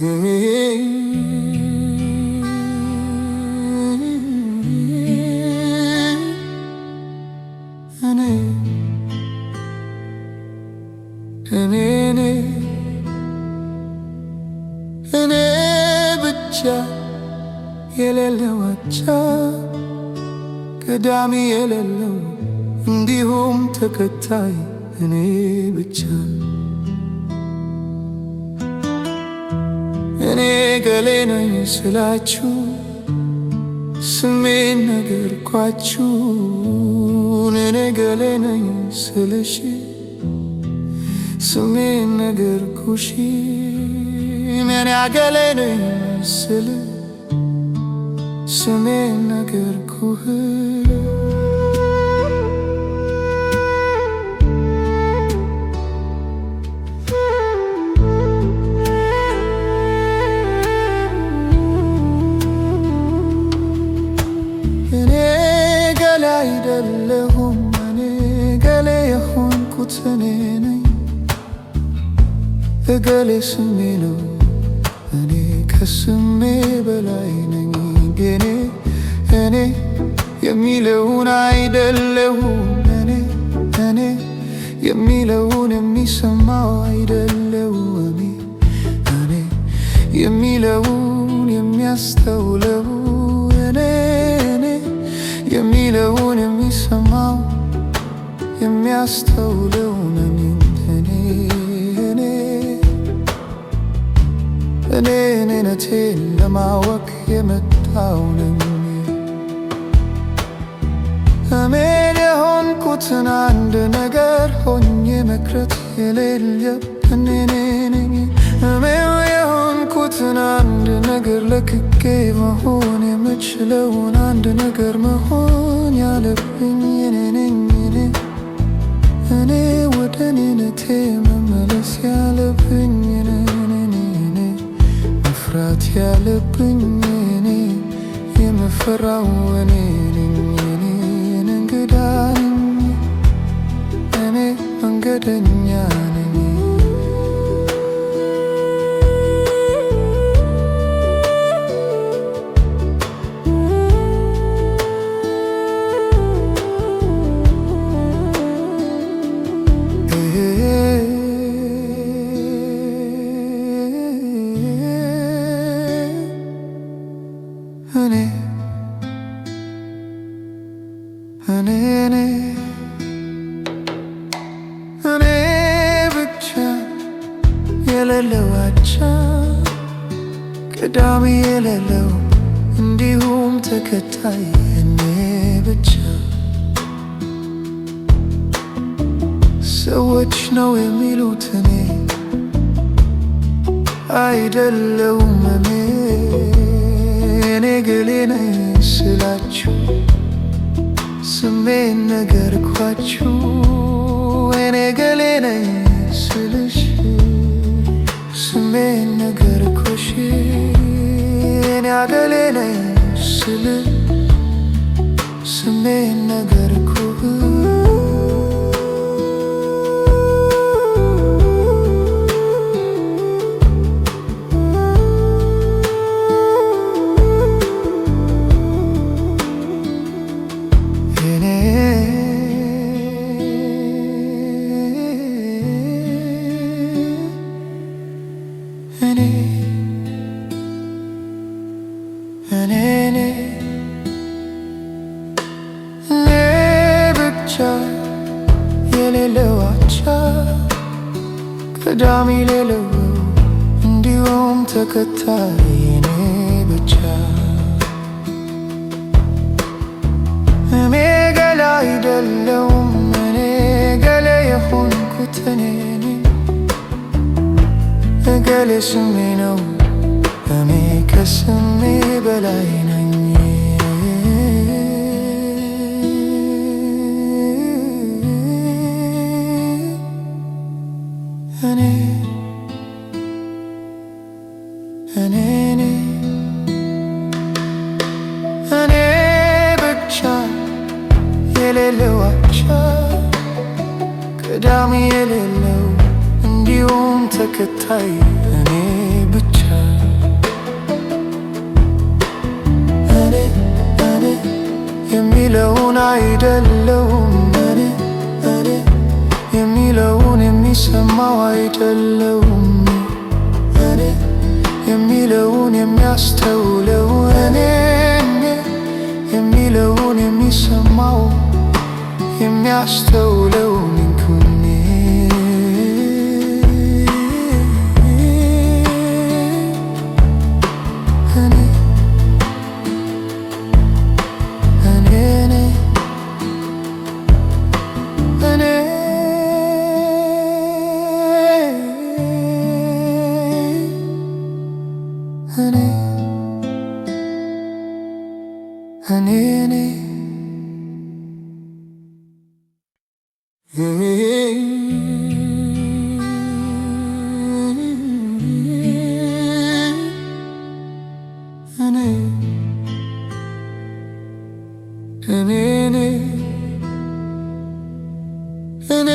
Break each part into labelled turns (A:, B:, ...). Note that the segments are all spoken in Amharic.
A: እኔ ብቻ የሌለው ቀዳሚ የሌለው እንዲሁም ተከታይ እኔ ብቻ እኔ ገሌ ነኝ ስላችሁ ስሜን ነገርኳችሁ። እኔ ገሌ ነኝ ስልሽ ስሜን ነገርኩሽ። እኔ ገሌ ነኝ ስል ስሜን ነገርኩህ። ያየሁት እኔ ነኝ እገሌ ስሜ ነው እኔ ከስሜ በላይ ነኝ የኔ እኔ የሚለውን አይደለሁም እኔ እኔ የሚለውን የሚሰማው አይደለሁም እኔ እኔ የሚለውን የሚያስተውለው እኔ እኔ የሚለውን የሚያስተውለው ነኝ እኔ እኔ እኔ እኔነቴን ለማወቅ የመጣው ነኝ እሜን የሆንኩትን አንድ ነገር ሆኜ መክረት የሌለብን እኔ ነኝ እሜው የሆንኩትን አንድ ነገር ለክጌ መሆን የምችለውን አንድ ነገር መሆን ያለብኝ እኔ ነኝ እኔ ወደ እኔነቴ መመለስ ያለብኝ እኔ መፍራት ያለብኝ እኔ የምፈራው እኔ እንግዳ እኔ መንገደኛ ታይ እኔ ብቻ ሰዎች ነው የሚሉት እኔ እኔ እኔ ገሌ ነኝ ስላችሁ ስሜን ነገርኳችሁ እኔ ብቻ የሌለው አቻ ቀዳሚ ሌለው እንዲሁም ተከታይ እኔ ብቻ እኔ ገላ አይደለውም እኔ ገሌ የሆንኩት እኔ እገሌ ስሜ ነው እኔ ከስሜ በላይ ነኝ የሌለው አቻ ቀዳሚ የሌለው እንዲሁም ተከታይ እኔ ብቻ እኔ እኔ የሚለውን አይደለውም እኔ እኔ የሚለውን የሚሰማው አይደለውም እኔ የሚለውን የሚያስተውለው እኔ የሚለውን የሚሰማው يمكن يعشتوا لو منكني هني هني هني هني هني هني እኔ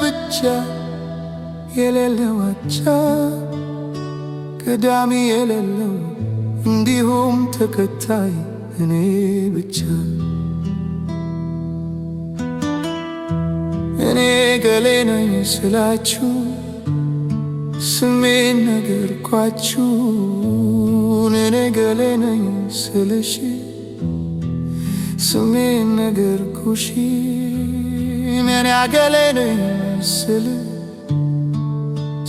A: ብቻ የሌለው አቻ ቀዳሚ የሌለው እንዲሁም ተከታይ እኔ ብቻ እኔ ገሌ ነኝ ስላችሁ ስሜን ነገርኳችሁ። እኔ ገሌ ነኝ ስልሽ ስሜን ነገርኩሽ። ምን ያገሌ ነኝ ስል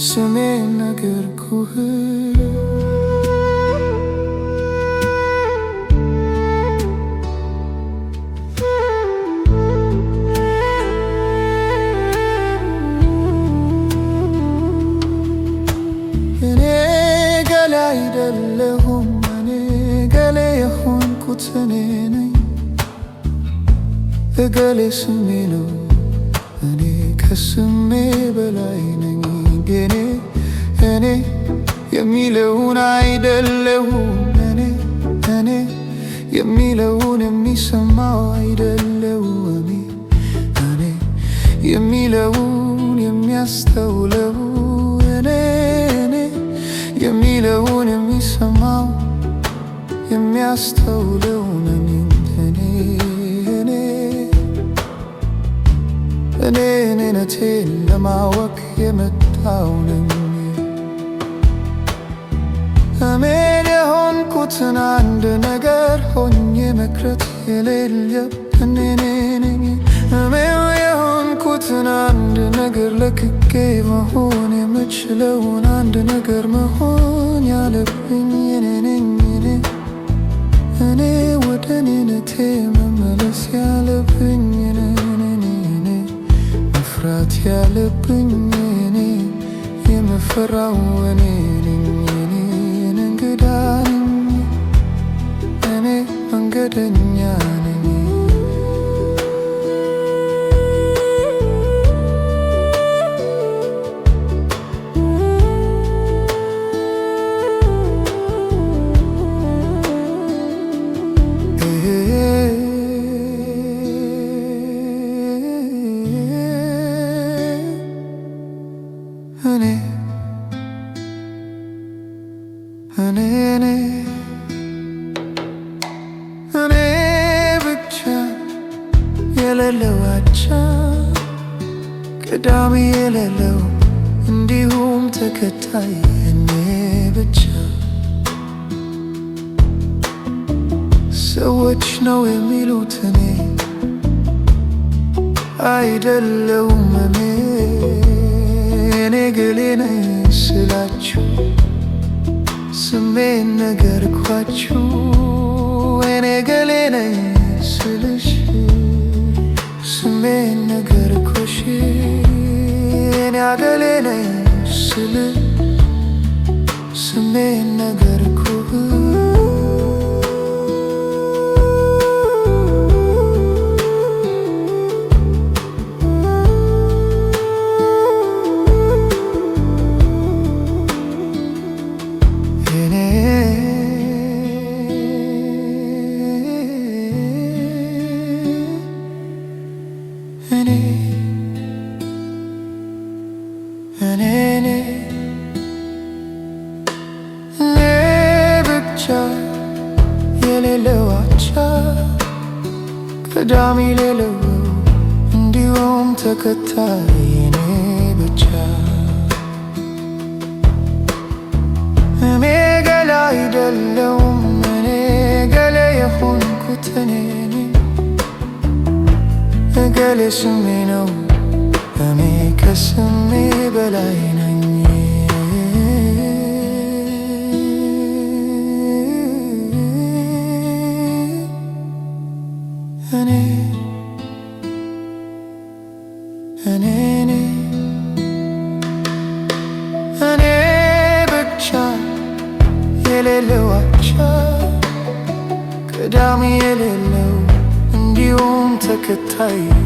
A: ስሜን ነገርኩህ። እኔ ነኝ እገሌ ስሜ ነው በላይ ነኝ ግን እኔ የሚለውን አይደለሁም እኔ እኔ የሚለውን የሚሰማው አይደለሁም እኔ የሚለውን የሚያስተውለው እኔ እኔ የሚለውን የሚሰማው የሚያስተውለው ነኝ እኔ እኔ ለማወቅ የመጣው ነኝ። እሜን የሆንኩትን አንድ ነገር ሆኜ መቅረት የሌለብኝ እኔ እሜው የሆንኩትን አንድ ነገር ለክጌ መሆን የምችለውን አንድ ነገር መሆን ያለብኝ እኔ እኔ ወደ እኔነቴ መመለስ ያለብኝ ያለብኝ እኔ የምፈራው እኔ ነኝ እኔ እንግዳ እኔ መንገደኛ ቀዳሚ የሌለው እንዲሁም ተከታይ እኔ ብቻ ሰዎች ነው የሚሉት እኔ አይደለውም እኔ እኔ ገሌ ነኝ ስላችሁ ስሜን ነገርኳችሁ सुने सुने नगर को And it ብቻ ቀዳሚ ሌለው እንዲሁም ተከታይ እኔ ብቻ እኔ ገላ አይደለውም እኔ ገለ የሆንኩት እኔ እገሌ ስሜ ነው እኔ ከስሜ በላይ ነው take